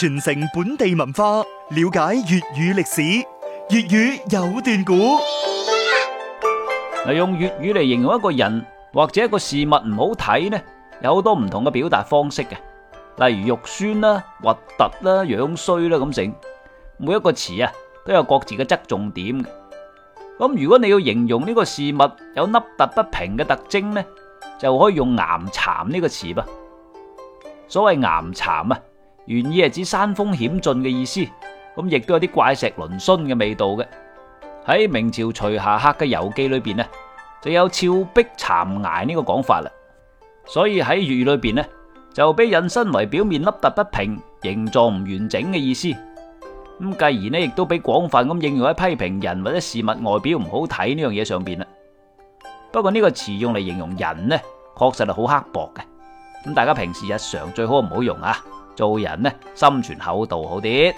傳承本地文化，了解粵語歷史。粵語有段古，嚟用粵語嚟形容一個人或者一個事物唔好睇呢，有好多唔同嘅表達方式嘅。例如肉酸啦、核突啦、樣衰啦咁成。每一個詞啊，都有各自嘅側重點嘅。咁如果你要形容呢個事物有凹凸不平嘅特徵呢，就可以用岩巉呢個詞噃。所謂岩巉啊。原意係指山峰險峻嘅意思，咁亦都有啲怪石嶙峋嘅味道嘅。喺明朝徐霞客嘅遊記裏邊咧，就有峭壁巉崖呢個講法啦。所以喺粵語裏邊咧，就被引申為表面凹凸不平、形狀唔完整嘅意思。咁繼而咧，亦都俾廣泛咁應用喺批評人或者事物外表唔好睇呢樣嘢上邊啦。不過呢個詞用嚟形容人咧，確實係好刻薄嘅。咁大家平時日常最好唔好用啊。做人呢，心存厚道好啲。